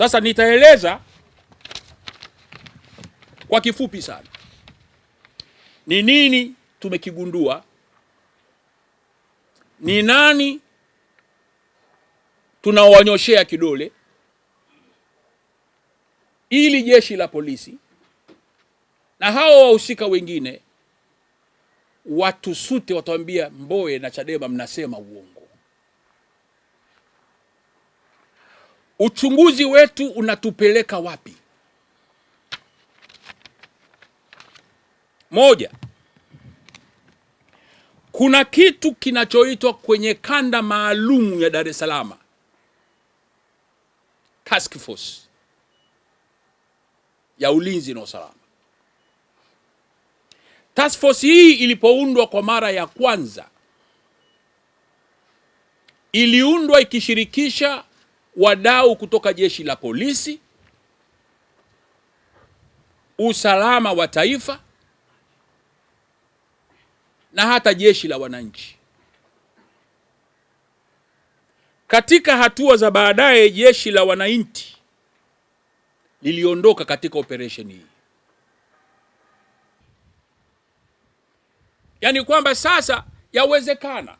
Sasa nitaeleza kwa kifupi sana ni nini tumekigundua, ni nani tunaowanyoshea kidole ili jeshi la polisi na hao wahusika wengine watusute, watawambia Mbowe na Chadema mnasema uongo. Uchunguzi wetu unatupeleka wapi? Moja, kuna kitu kinachoitwa kwenye kanda maalum ya Dar es Salaam task force ya ulinzi na usalama. Task force hii ilipoundwa kwa mara ya kwanza, iliundwa ikishirikisha wadau kutoka jeshi la polisi, usalama wa taifa na hata jeshi la wananchi. Katika hatua za baadaye, jeshi la wananchi liliondoka katika operesheni hii, yaani kwamba sasa yawezekana,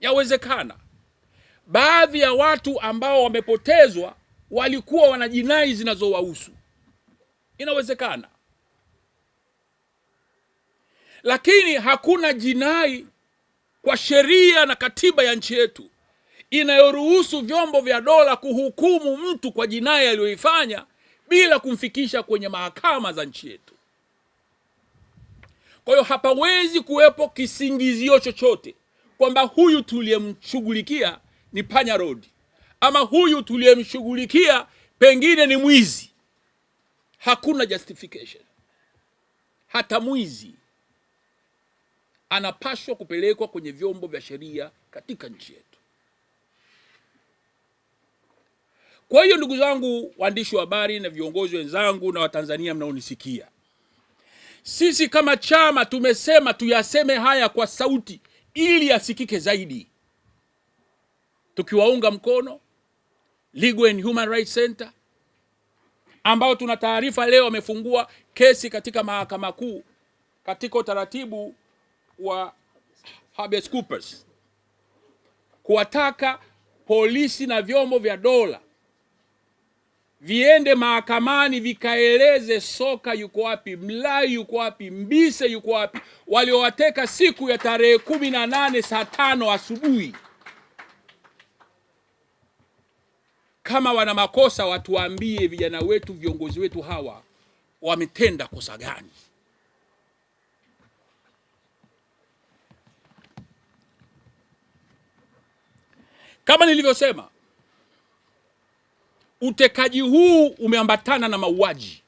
yawezekana baadhi ya watu ambao wamepotezwa walikuwa wana jinai zinazowahusu, inawezekana, lakini hakuna jinai kwa sheria na katiba ya nchi yetu inayoruhusu vyombo vya dola kuhukumu mtu kwa jinai aliyoifanya bila kumfikisha kwenye mahakama za nchi yetu. Kwa hiyo hapawezi kuwepo kisingizio chochote kwamba huyu tuliyemshughulikia ni panya road, ama huyu tuliyemshughulikia pengine ni mwizi. Hakuna justification. Hata mwizi anapaswa kupelekwa kwenye vyombo vya sheria katika nchi yetu. Kwa hiyo ndugu zangu waandishi wa habari na viongozi wenzangu na Watanzania mnaonisikia, sisi kama chama tumesema tuyaseme haya kwa sauti ili yasikike zaidi tukiwaunga mkono Legal and Human Rights Center ambao tuna taarifa leo wamefungua kesi katika mahakama kuu katika utaratibu wa habeas corpus kuwataka polisi na vyombo vya dola viende mahakamani vikaeleze Soka yuko wapi, Mlai yuko wapi, Mbise yuko wapi, waliowateka siku ya tarehe kumi na nane saa tano asubuhi. Kama wana makosa watuambie, vijana wetu, viongozi wetu hawa wametenda kosa gani? Kama nilivyosema, utekaji huu umeambatana na mauaji.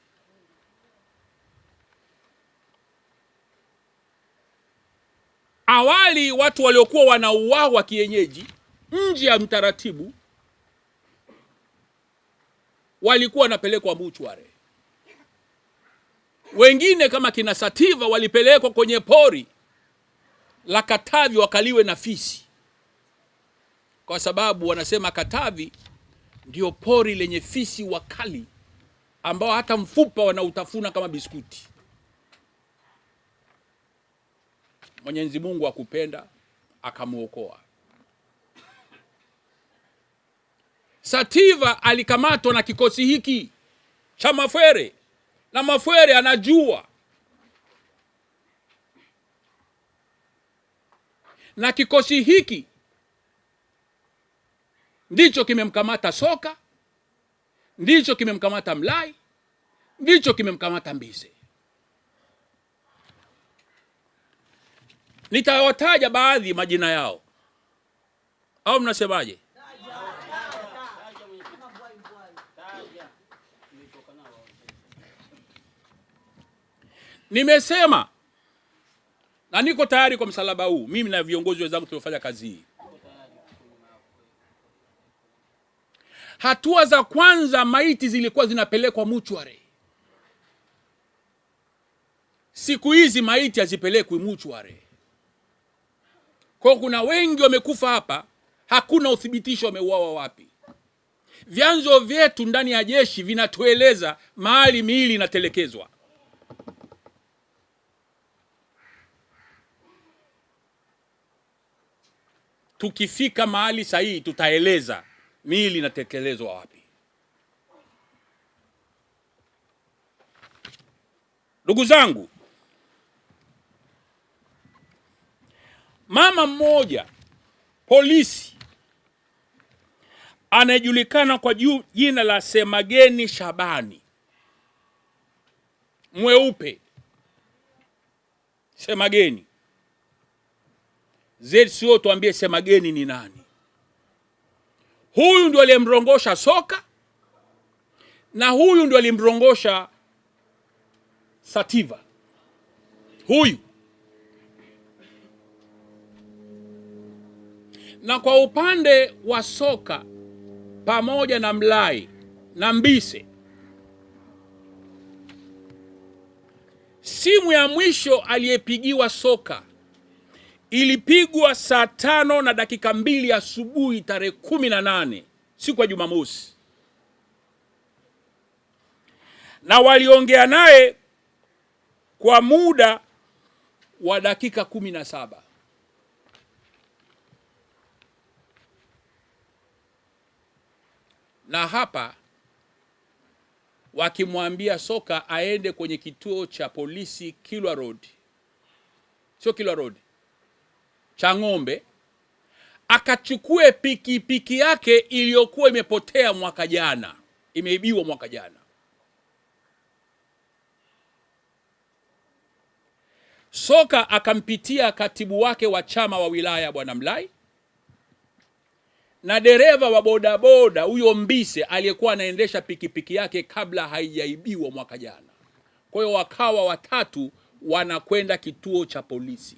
Awali watu waliokuwa wanauawa kienyeji nje ya mtaratibu walikuwa wanapelekwa mbuchware wengine kama kina Sativa walipelekwa kwenye pori la Katavi wakaliwe na fisi, kwa sababu wanasema Katavi ndio pori lenye fisi wakali ambao hata mfupa wanautafuna kama biskuti. Mwenyezi Mungu akupenda akamwokoa. Sativa alikamatwa na kikosi hiki cha Mafwere na Mafwere anajua, na kikosi hiki ndicho kimemkamata Soka, ndicho kimemkamata Mlai, ndicho kimemkamata Mbize. Nitawataja baadhi majina yao, au mnasemaje? Nimesema na niko tayari kwa msalaba huu, mimi na viongozi wenzangu tuliofanya kazi hii. Hatua za kwanza, maiti zilikuwa zinapelekwa muchware. Siku hizi maiti hazipelekwi muchware, kwa kuna wengi wamekufa hapa, hakuna uthibitisho wameuawa wapi. Vyanzo vyetu ndani ya jeshi vinatueleza mahali miili inatelekezwa. tukifika mahali sahihi tutaeleza miili inatekelezwa wapi. Ndugu zangu, mama mmoja polisi anayejulikana kwa juu jina la Semageni Shabani mweupe Semageni ZCO tuambie Semageni ni nani? Huyu ndio aliyemrongosha Soka na huyu ndio alimrongosha Sativa. Huyu na kwa upande wa Soka pamoja na Mlai na Mbise, simu ya mwisho aliyepigiwa Soka ilipigwa saa tano na dakika mbili asubuhi tarehe kumi na nane siku ya Jumamosi, na waliongea naye kwa muda wa dakika kumi na saba. Na hapa wakimwambia Soka aende kwenye kituo cha polisi Kilwa Road, sio Kilwa Road cha ng'ombe akachukue pikipiki yake iliyokuwa imepotea mwaka jana, imeibiwa mwaka jana. Soka akampitia katibu wake wa chama wa wilaya Bwana Mlai na dereva wa bodaboda huyo Mbise aliyekuwa anaendesha pikipiki yake kabla haijaibiwa mwaka jana. Kwa hiyo wakawa watatu wanakwenda kituo cha polisi.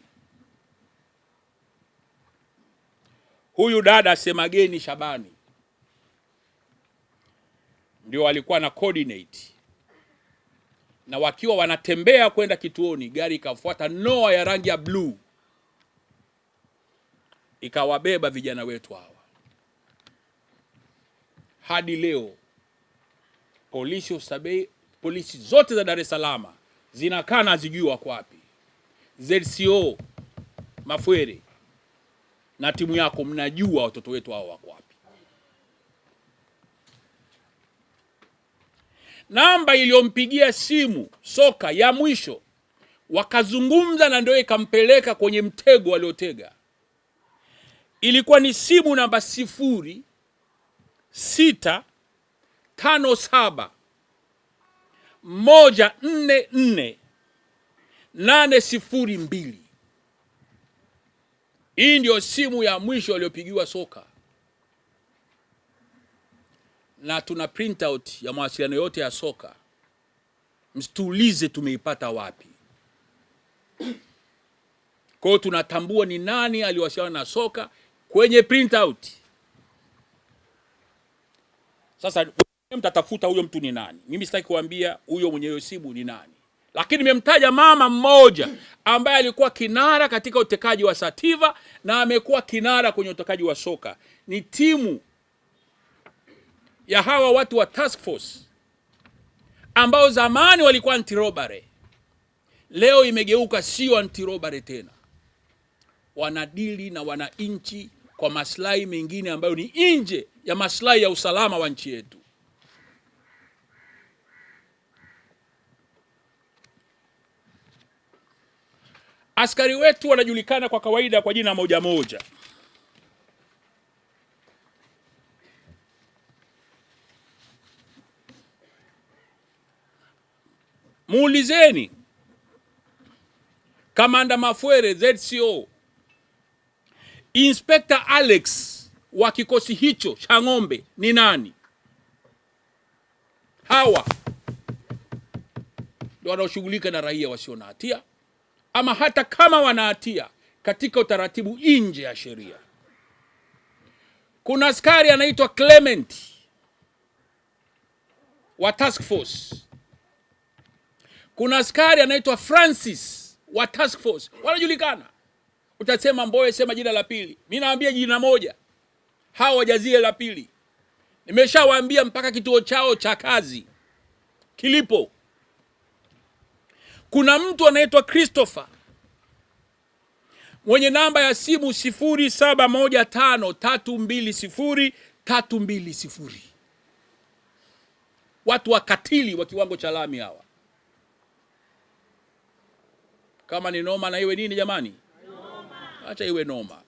huyu dada Semageni Shabani ndio alikuwa na coordinate, na wakiwa wanatembea kwenda kituoni, gari ikafuata noa ya rangi ya bluu ikawabeba vijana wetu hawa. Hadi leo polisi Usabei, polisi zote za Dar es Salaam zinakaa na hazijui wako wapi. ZCO Mafwere na timu yako mnajua watoto wetu hao wako wapi. Namba iliyompigia simu soka ya mwisho wakazungumza na ndio ikampeleka kwenye mtego waliotega, ilikuwa ni simu namba sifuri sita tano saba moja nne nne nane sifuri mbili. Hii ndio simu ya mwisho aliyopigiwa soka, na tuna out ya mawasiliano yote ya soka. msitulize tumeipata wapi. Kwa hiyo tunatambua ni nani aliwasiliana na soka kwenye out. Sasa mtatafuta huyo mtu ni nani. Mimi sitaki kuambia huyo mwenye hiyo simu ni nani lakini nimemtaja mama mmoja ambaye alikuwa kinara katika utekaji wa Sativa na amekuwa kinara kwenye utekaji wa soka. Ni timu ya hawa watu wa task force ambao zamani walikuwa antirobare, leo imegeuka sio antirobare tena, wanadili na wananchi kwa maslahi mengine ambayo ni nje ya maslahi ya usalama wa nchi yetu. Askari wetu wanajulikana kwa kawaida kwa jina moja moja. Muulizeni Kamanda Mafwere ZCO, Inspector Alex wa kikosi hicho cha ng'ombe ni nani? Hawa ndio wanaoshughulika na raia wasio na hatia ama hata kama wanahatia katika utaratibu nje ya sheria. Kuna askari anaitwa Clement wa task force, kuna askari anaitwa Francis wa task force, wanajulikana. Utasema Mbowe, sema jina la pili, mi naambia jina moja, hawa wajazie la pili. Nimeshawaambia mpaka kituo chao cha kazi kilipo kuna mtu anaitwa Christopher mwenye namba ya simu 0715320320 watu wakatili wa kiwango cha lami hawa. Kama ni noma na iwe nini jamani, acha iwe noma.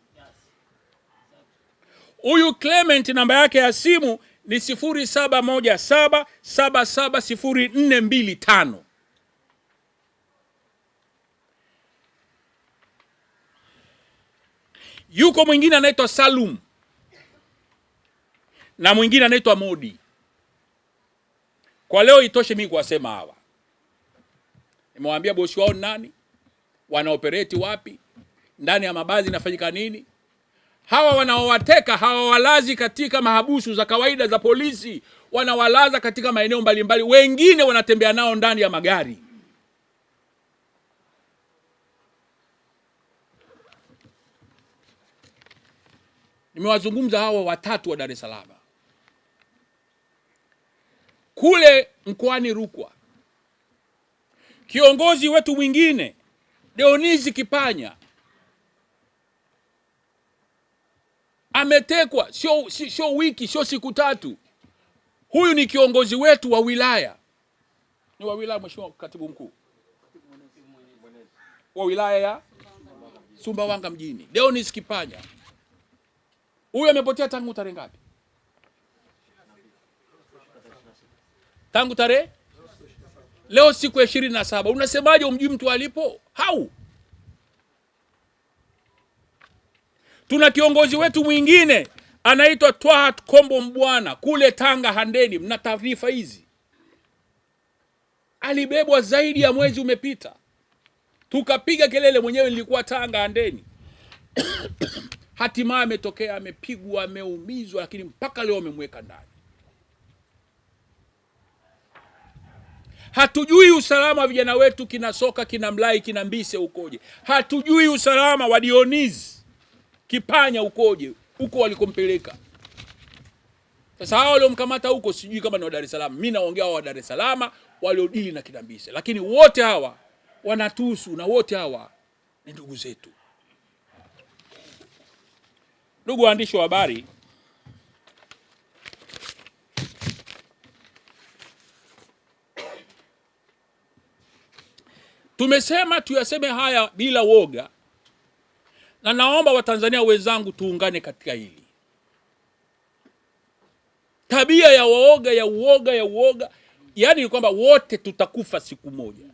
Huyu Clement namba yake ya simu ni 0717770425 Yuko mwingine anaitwa Salum na mwingine anaitwa Modi. Kwa leo itoshe mimi kuwasema hawa, nimewaambia bosi wao nani, wanaopereti wapi, ndani ya mabazi inafanyika nini. Hawa wanaowateka hawawalazi katika mahabusu za kawaida za polisi, wanawalaza katika maeneo mbalimbali, wengine wanatembea nao ndani ya magari. nimewazungumza hawa watatu wa Dar es Salaam. Kule mkoani Rukwa, kiongozi wetu mwingine Deonizi Kipanya ametekwa, sio sio wiki, sio siku tatu. Huyu ni kiongozi wetu wa wilaya, ni wa wilaya, Mheshimiwa Katibu Mkuu, wa wilaya ya Sumbawanga mjini, Deonis Kipanya. Huyu amepotea tangu tarehe ngapi? Tangu tarehe leo, siku ya ishirini na saba. Unasemaje umjui mtu alipo? Hau, tuna kiongozi wetu mwingine anaitwa Twahat Kombo Mbwana kule Tanga Handeni, mna taarifa hizi. Alibebwa zaidi ya mwezi umepita, tukapiga kelele, mwenyewe nilikuwa Tanga Handeni hatimaye ametokea, amepigwa, ameumizwa, lakini mpaka leo amemweka ndani. Hatujui usalama wa vijana wetu kina Soka, kina Mlai, kina Mbise ukoje. Hatujui usalama wa dionis Kipanya ukoje, huko walikompeleka. Sasa hao waliomkamata huko, sijui kama ni wa Dar es Salaam. Mimi naongea wa Dar es Salaam waliodili na kina Mbise, lakini wote hawa wanatuhusu na wote hawa ni ndugu zetu. Ndugu waandishi wa habari, tumesema tuyaseme haya bila woga, na naomba Watanzania wenzangu tuungane katika hili. Tabia ya woga ya uoga ya uoga, yaani ni kwamba wote tutakufa siku moja.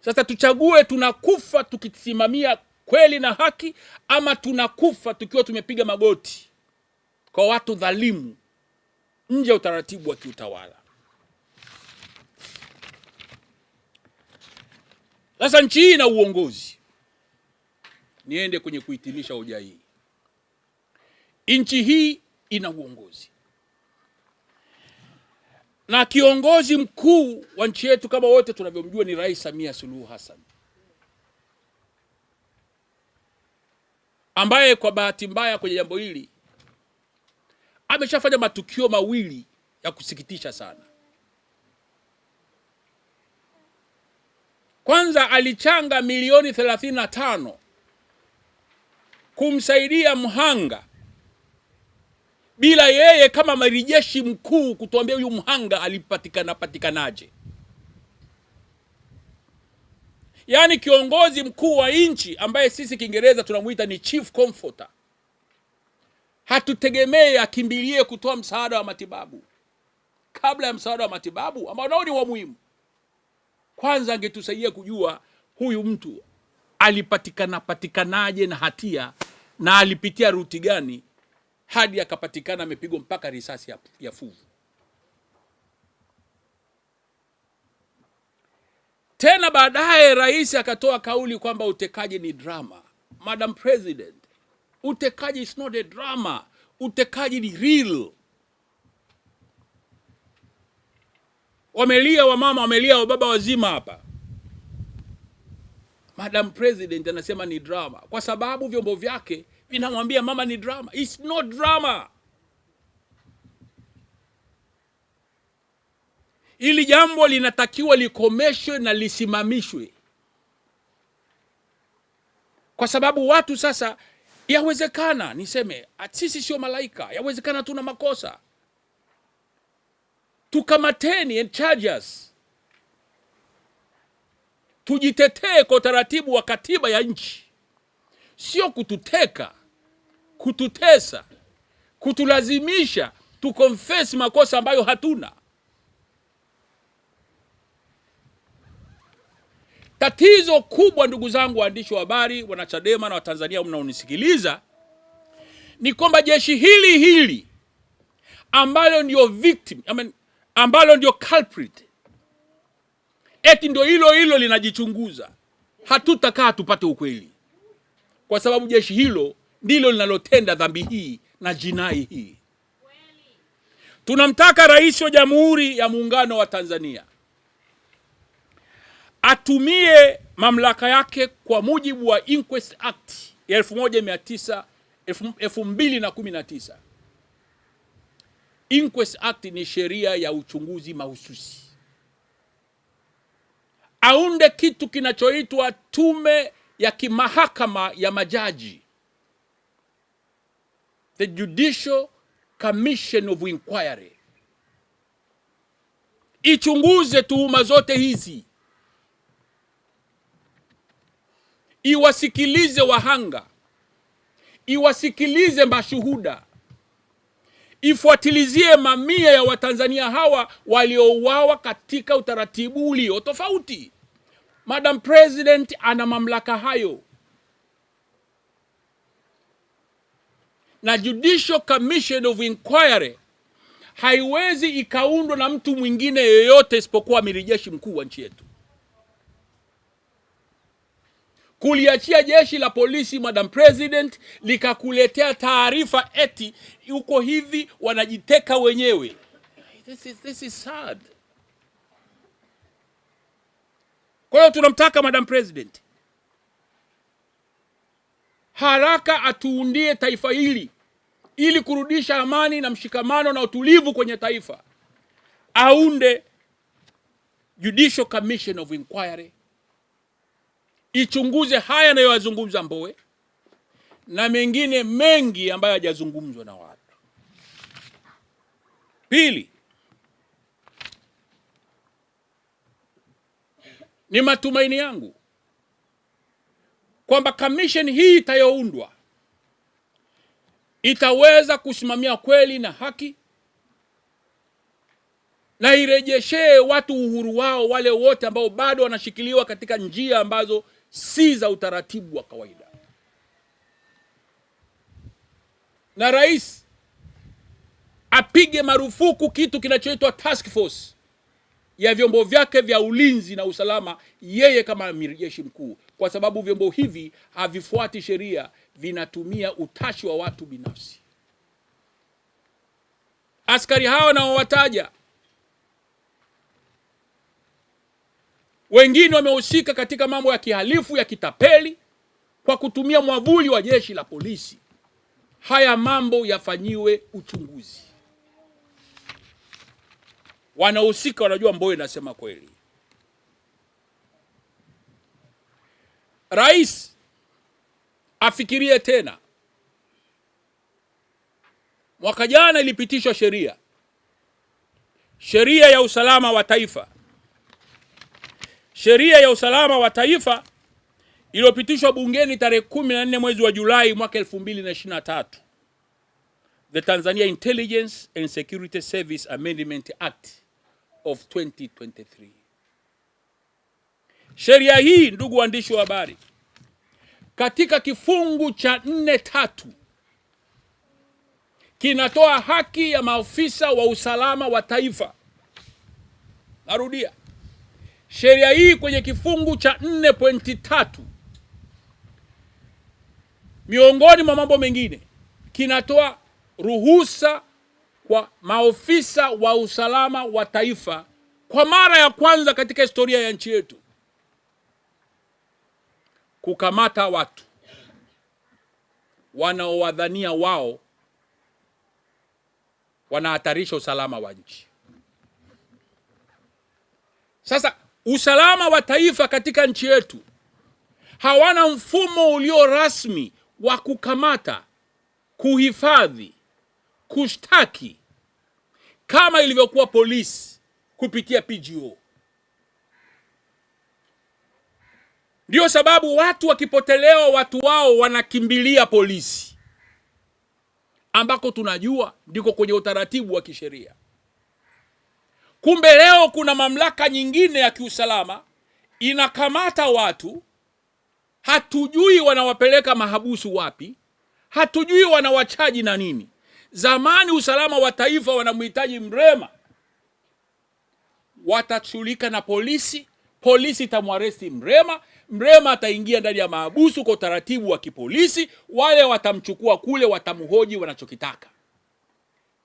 Sasa tuchague tunakufa tukisimamia kweli na haki, ama tunakufa tukiwa tumepiga magoti kwa watu dhalimu nje ya utaratibu wa kiutawala. Sasa nchi hii na uongozi, niende kwenye kuhitimisha hoja hii. Nchi hii ina uongozi na kiongozi mkuu wa nchi yetu kama wote tunavyomjua ni Rais Samia Suluhu Hassan. ambaye kwa bahati mbaya kwenye jambo hili ameshafanya matukio mawili ya kusikitisha sana. Kwanza alichanga milioni 35 kumsaidia mhanga bila yeye kama marijeshi mkuu kutuambia huyu mhanga alipatikana patikanaje. yaani kiongozi mkuu wa nchi ambaye sisi Kiingereza tunamuita ni chief comforter, hatutegemee akimbilie kutoa msaada wa matibabu kabla ya msaada wa matibabu ambao nao ni wa muhimu. Kwanza angetusaidia kujua huyu mtu alipatikana patikanaje na hatia na alipitia ruti gani hadi akapatikana amepigwa mpaka risasi ya, ya fuvu. Tena baadaye rais akatoa kauli kwamba utekaji ni drama. Madam President, utekaji is not a drama, utekaji ni real. Wamelia wamama, wamelia wababa wazima hapa. Madam President anasema ni drama kwa sababu vyombo vyake vinamwambia mama ni drama. It's not drama. ili jambo linatakiwa likomeshwe na lisimamishwe, kwa sababu watu sasa, yawezekana niseme sisi sio malaika, yawezekana tuna makosa, tukamateni and charges, tujitetee kwa utaratibu wa katiba ya nchi, sio kututeka, kututesa, kutulazimisha tukonfesi makosa ambayo hatuna. Tatizo kubwa ndugu zangu waandishi wa habari, wanachadema na Watanzania mnaonisikiliza, ni kwamba jeshi hili hili ambalo ndio victim, I mean, ambalo ndio culprit, eti ndio hilo hilo linajichunguza. Hatutakaa tupate ukweli, kwa sababu jeshi hilo ndilo linalotenda dhambi hii na jinai hii. Tunamtaka Rais wa Jamhuri ya Muungano wa Tanzania atumie mamlaka yake kwa mujibu wa Inquest Act ya 1919. 2019. Inquest Act ni sheria ya uchunguzi mahususi. Aunde kitu kinachoitwa tume ya kimahakama ya majaji, the Judicial Commission of Inquiry, ichunguze tuhuma zote hizi iwasikilize wahanga, iwasikilize mashuhuda, ifuatilizie mamia ya Watanzania hawa waliouawa katika utaratibu ulio tofauti. Madam President ana mamlaka hayo, na Judicial Commission of Inquiry haiwezi ikaundwa na mtu mwingine yoyote isipokuwa amiri jeshi mkuu wa nchi yetu. kuliachia jeshi la polisi, Madam President, likakuletea taarifa eti uko hivi, wanajiteka wenyewe. This is, this is sad. Kwa hiyo tunamtaka Madam President haraka atuundie taifa hili ili kurudisha amani na mshikamano na utulivu kwenye taifa, aunde Judicial Commission of Inquiry ichunguze haya anayoyazungumza Mbowe na mengine mengi ambayo hajazungumzwa na watu. Pili, ni matumaini yangu kwamba kamisheni hii itayoundwa itaweza kusimamia kweli na haki na irejeshee watu uhuru wao, wale wote ambao bado wanashikiliwa katika njia ambazo si za utaratibu wa kawaida, na rais apige marufuku kitu kinachoitwa task force ya vyombo vyake vya ulinzi na usalama, yeye kama amiri jeshi mkuu, kwa sababu vyombo hivi havifuati sheria, vinatumia utashi wa watu binafsi. Askari hawa naowataja Wengine wamehusika katika mambo ya kihalifu ya kitapeli kwa kutumia mwavuli wa jeshi la polisi. Haya mambo yafanyiwe uchunguzi. Wanahusika wanajua Mbowe nasema kweli. Rais afikirie tena. Mwaka jana ilipitishwa sheria, sheria ya usalama wa taifa Sheria ya usalama wa taifa iliyopitishwa bungeni tarehe 14 mwezi wa Julai mwaka tatu The Tanzania Intelligence and Security Service Amendment Act of 2023. Sheria hii, ndugu waandishi wa habari, katika kifungu cha nne tatu kinatoa haki ya maafisa wa usalama wa taifa, narudia sheria hii kwenye kifungu cha 4.3 miongoni mwa mambo mengine kinatoa ruhusa kwa maofisa wa usalama wa taifa kwa mara ya kwanza katika historia ya nchi yetu kukamata watu wanaowadhania wao wanahatarisha usalama wa nchi. Sasa usalama wa taifa katika nchi yetu, hawana mfumo ulio rasmi wa kukamata, kuhifadhi, kushtaki kama ilivyokuwa polisi kupitia PGO. Ndiyo sababu watu wakipotelewa, watu wao wanakimbilia polisi, ambako tunajua ndiko kwenye utaratibu wa kisheria. Kumbe leo kuna mamlaka nyingine ya kiusalama inakamata watu, hatujui wanawapeleka mahabusu wapi, hatujui wanawachaji na nini. Zamani usalama wa taifa wanamhitaji Mrema, watashughulika na polisi, polisi itamwaresti Mrema, Mrema ataingia ndani ya mahabusu kwa utaratibu wa kipolisi, wale watamchukua kule, watamhoji wanachokitaka.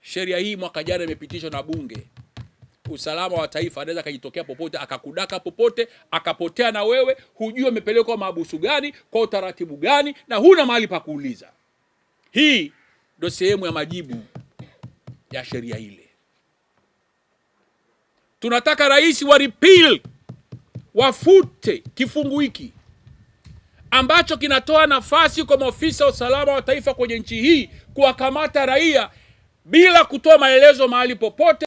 Sheria hii mwaka jana imepitishwa na Bunge usalama wa taifa, anaweza akajitokea popote akakudaka popote akapotea, na wewe hujui amepelekwa mahabusu gani kwa utaratibu gani, na huna mahali pa kuuliza. Hii ndio sehemu ya majibu ya sheria ile. Tunataka rais wa repeal wafute kifungu hiki ambacho kinatoa nafasi kwa maofisa wa usalama wa taifa kwenye nchi hii kuwakamata raia bila kutoa maelezo mahali popote.